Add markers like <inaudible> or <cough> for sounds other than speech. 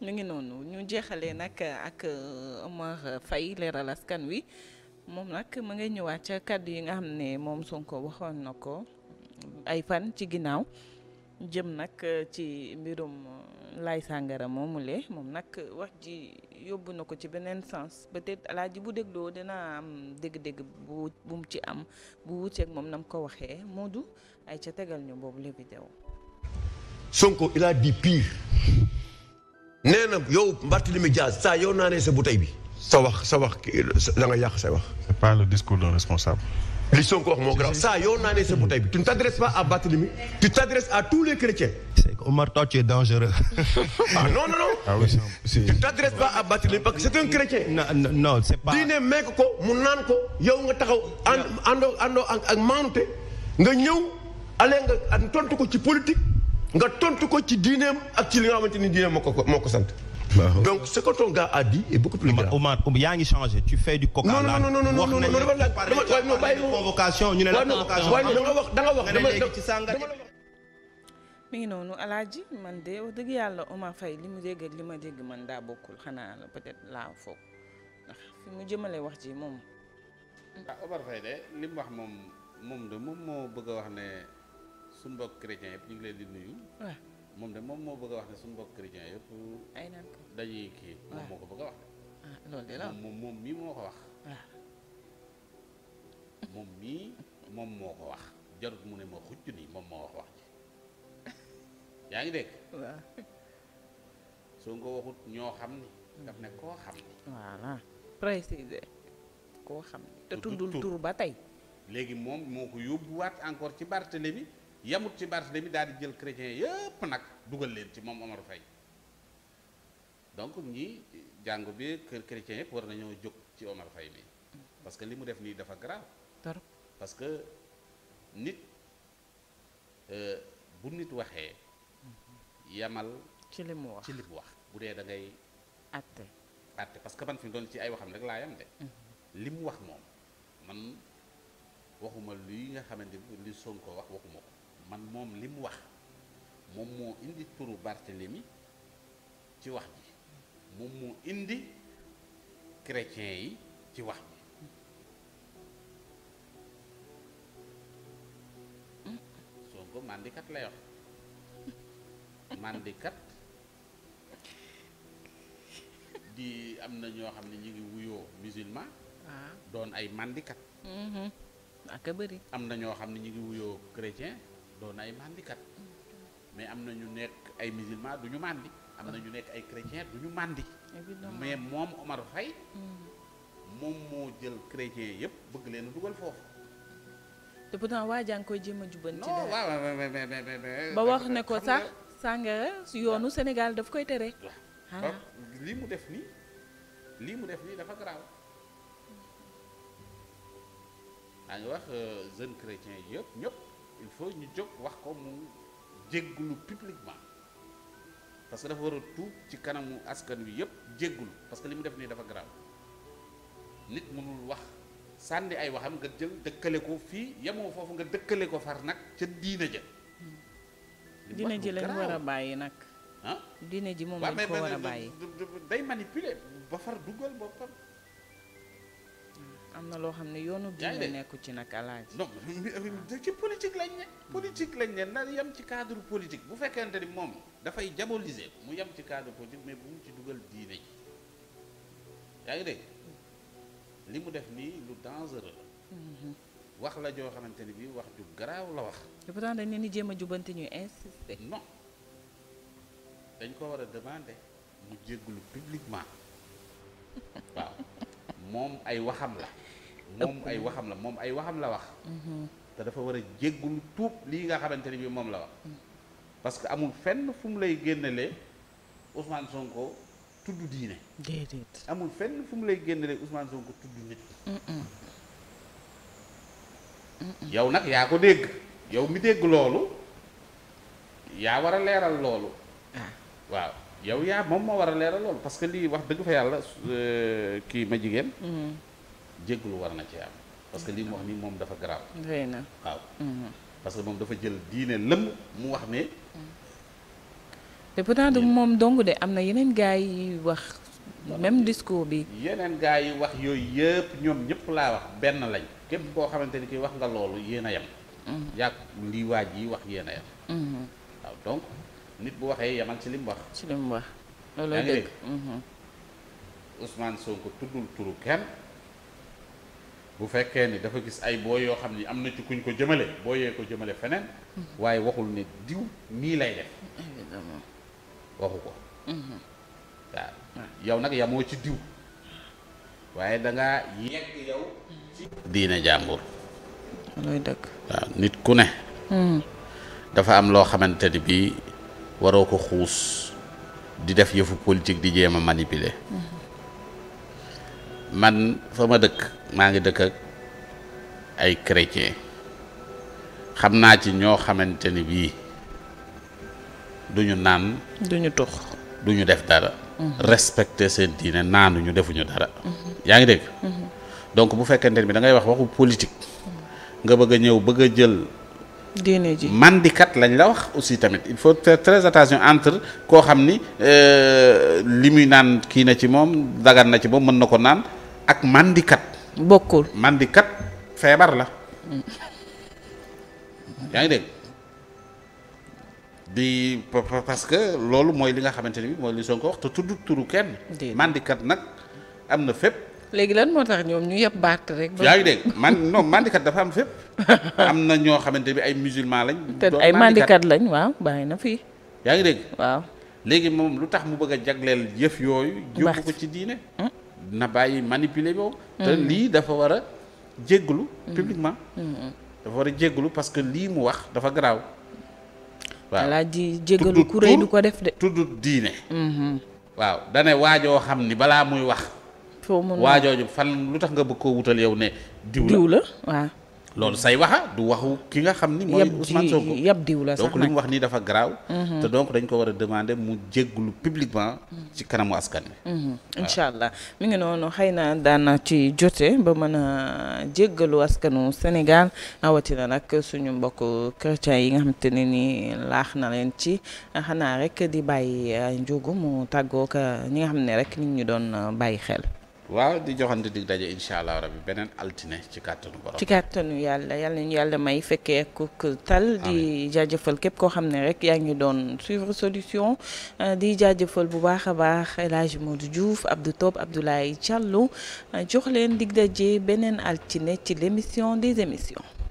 mu ngi noonu ñu jeexalee nag ak euh, Omar fay leeral askan wi moom nag mu ngay ñëwaat ca kàddu yi nga xam ne moom Sonko waxoon na ko ay fan ci ginnaaw jëm nag euh, ci mbirum euh, Laye Sangara moomule moom nag wax ji yóbbu na ko ci beneen sens peut-être alaaji bu dégloo dinaa am dégg-dégg bu bu mu ci am bu wuuteeg moom na mu ko waxee moo du ay ca tegal ñu boobu la vidéo Sonko il a dit nee na yow Barthélemy Diaz saa yow naanee sa bouteille bi sa wax sa wax da nga yàq say wax. c'est pas le discours d'un responsable. li Sonko wax moo grave saa yow naanee sa bouteille bi tu ne t'adresses pas à Barthélemy tu t'adresses à tous les chrétiens. c'est Omar toi tu es dangereux. ah non non non. ah oui si tu t'adresses pas à Barthélemy parce que c'est un chrétien. non non c'est pas. diine meek ko mu naan ko yow nga taxaw. ànd àndoo àndoo ak ak maanute nga ñëw. ale nga tontu ko ci politique. nga tontu ko ci diineem ak ci li nga xamante ni diineem moo ko moo ko sant. donc ce que ton gars a dit est beaucoup plus grave. Omar yaa ngi changé ci fais du coca là. non non non non non non convocation ñu ne nga wax mi ngi noonu alaaji man de wax dëgg yàlla Omar Faye li mu dégg ak li ma dégg man daa bokkul xanaa la peut-être laa foog ndax fi mu jëmale wax ci moom. ah Omar wax moom moom de moom moo bëgg a wax ne. suñu mbokk chrétien yëpp ñu ngi leen di nuyu. waaw moom de moom moo bëgg a wax ne suñu mbokk chrétien yëpp. ay naan ko dañuy kii. moom moo ko bëgg a wax. ah loolu de moom moom mii moo ko wax. waaw. <laughs> moom mii moom moo ko wax jarut mu ne ma xujj nii moom moo wax wax ji <laughs> yaa ngi dégg. waaw. soo ko waxut ñoo xam ni. daf ne mm-hmm. koo xam ni. voilà précisé koo xam ni. tuddul tur ba tey. léegi moom moo ko yóbbuwaat encore ci Barthélemy bi yamut ci de Barthélemy daal di jël chrétien yépp nag dugal leen ci moom Omar fay donc ñi jàngu bi kër chrétien yëpp war nañoo jóg ci Omar Faye bi parce que li mu def nii dafa grave parce que nit euh, bu nit waxee yamal ci li mu wax ci li wax bu dee da ngay atte atte parce que man fi mu doon ci ay waxam rek laa yam de mhm. li mu wax moom man waxuma luy nga xamante ni li Sonko wax waxuma ko man moom li mu wax moom moo indi turu Barthélemy ci wax ji moom moo indi chrétien yi ci wax bi Sonko mandikat lay wax mandikat di am na ñoo xam ne ñu ngi wuyoo musulman ah. doon ay mandikat mm-hmm. ak bëri am na ñoo xam ne ñu ngi wuyoo chrétien doon ay màndikat mais am na ñu nekk ay musulman du ñu màndi am na ñu nekk ay chrétien du ñu màndi mais moom Omar Faye mm. moom moo jël chrétien yëpp bëgg leen dugal foofu te pourtant waa jaa koy jéem a jubanti dara ba wax ne ko sax sàngara yoonu Sénégal daf koy tere ah. lii mu def nii lii mu def nii dafa garaaw daa mm. ngi wax euh, jeune chrétien yëpp ñëpp il faut ñu jóg wax ko mu jéggulu publiquement parce que dafa war a tuub ci kanamu askan wi yépp jéggulu parce que li mu def nii dafa grave nit mënul wax sànni ay waxam nga jël dëkkale ko fii yemoo foofu nga dëkkale ko far nag ca diina ja diina ji lañ war a bàyyi nag ah ji moom lañ ko war a bàyyi day manipuler ba far duggal boppam loo xam ne yoonu diine nekku ci nag alaaji donc ci politique lañ ne politique lañ ne na yem ci cadre politique bu fekkente ni moom dafay diaboliser mu yem ci cadre politique mais bu mu ci dugal diine ji yaa ngi li mu def nii lu dangereux la mhm. wax la joo xamante ni bii wax ju garaaw la wax te pourtant dañ leen di jéem a jubante ñuy insister non dañ ko war a demande mu jéggulu publiquement <laughs> waaw moom ay waxam la moom ay waxam la moom ay waxam la wax mhm. te dafa war a jéggul tuub lii nga xamante ni bi moom la wax parce que amul fenn fu mu lay génnale Ousmane Sonko tudd diine fenn fu mu lay génnelee Ousmane yow nag yaa ko dégg yow mi dégg loolu yaa war a leeral loolu ah. waaw yow yaa moom moo war a leeral loolu parce que lii wax dëgg fa yàlla euh, kii ma jigéen mm-hmm. jégglu war na cee am parce que li mu wax ni moom dafa garaaw waaw mhm. parce que moom dafa jël diine lëmm mu wax ne te pourtant moom dong de am na yeneen gaa yi wax même discours bi yeneen gars yi wax yooyu yëpp ñoom ñëpp laa wax benn lañ képp koo xamante ni ki wax nga loolu yéen a yem mhm. yàgg lii waaj yi wax yéen a yem mhm. waaw donc nit bu waxee yamal ci lim mu wax ci li wax looloo dëgg Ousmane Sonko tuddul turu kenn bu fekkee ni dafa gis ay boo yoo xam ni am na ci kuñ ko jëmale boo yee ko jëmale feneen mhm. waaye waxul ne diw nii lay def waxu ko mhm. yow nag yamoo ci diw waaye danga ngaa yegg yow ci diine jàmbur nit ku ne hmm. dafa am loo xamante ni bii waroo ko xuus di def yëfu politique di jéem a manipuler mhm. man fa ma dëkk maa ngi dëkk ak ay chrétien xam naa ci ñoo xamante ni bii duñu naan. du ñu tux du def dara. Mhm. respecter seen diine naanuñu defuñu dara. Mhm. yaa ngi dégg. Mhm. donc bu fekkente bi da ngay wax waxu politique. nga bëgg a ñëw bëgg a jël. diine ji mandikat lañ la wax aussi tamit il faut faire très attention entre koo xam ni euh, li muy naan kii na ci moom daggan na ci moom mën na ko naan ak mandikat bokkul mandikat feebar la yaa ngi dégg di parce que loolu mooy li nga xamante ni bi mooy li Sonko wax te tudd turu kenn màndikat nag am na fépp léegi lan moo tax ñoom ñu yëpp baat rek. yaa ngi man non mandikat dafa am fépp. <laughs> am na ñoo xamante bi ay musulman lañ. te ay mandikat lañ waaw bàyyi na fii. yaa ngi dégg waaw. léegi moom lu tax mu bëgg a jagleel yëf yooyu. yóbbu ko ci diine. Mm. na bàyyi manipuler boobu. Mm-hmm. te lii dafa war a jégglu mm-hmm. publiquement mm-hmm. dafa war a jégglu parce que lii mu wax dafa garaaw waa laa di jéggalu ku rëy du ko def de tudd diine waaw dana waajoo xam ni balaa muy wax waajooju fan lu tax nga bëgg koo wutal yow ne diw la loolu say waxa du waxu ki nga xam ni mooy Ousmane Sonko yab diw la sax donc li mu wax nii dafa garaaw mhm. te donc ko war a demander mu jéggulu publiquement ci kanamu askan wi mhm. incha allah mi ngi noonu xëy na daana ci jote ba mën a jéggalu askanu Sénégal rawatina nag suñu mbokk chrétien yi nga xam te ne ni laax na leen ci xanaa rek di bàyyi eh, njugu mu tàggoo ka eh, ñi nga xam ne rek nit ñu doon eh, bàyyi xel waaw di joxante dig daje incha allah rabbi beneen altine ci kàttanu borom. ci kàttanu yàlla yàlla ñu yàlla may fekkee ak tal. di jaajëfal képp koo xam ne rek yaa ngi doon suivre solution. Euh, di jaajëfal bu baax a baax El Hadj Modou Diouf Abdou Top Abdoulaye Diallo euh, jox leen dig daje beneen altine ci l' émission des émissions.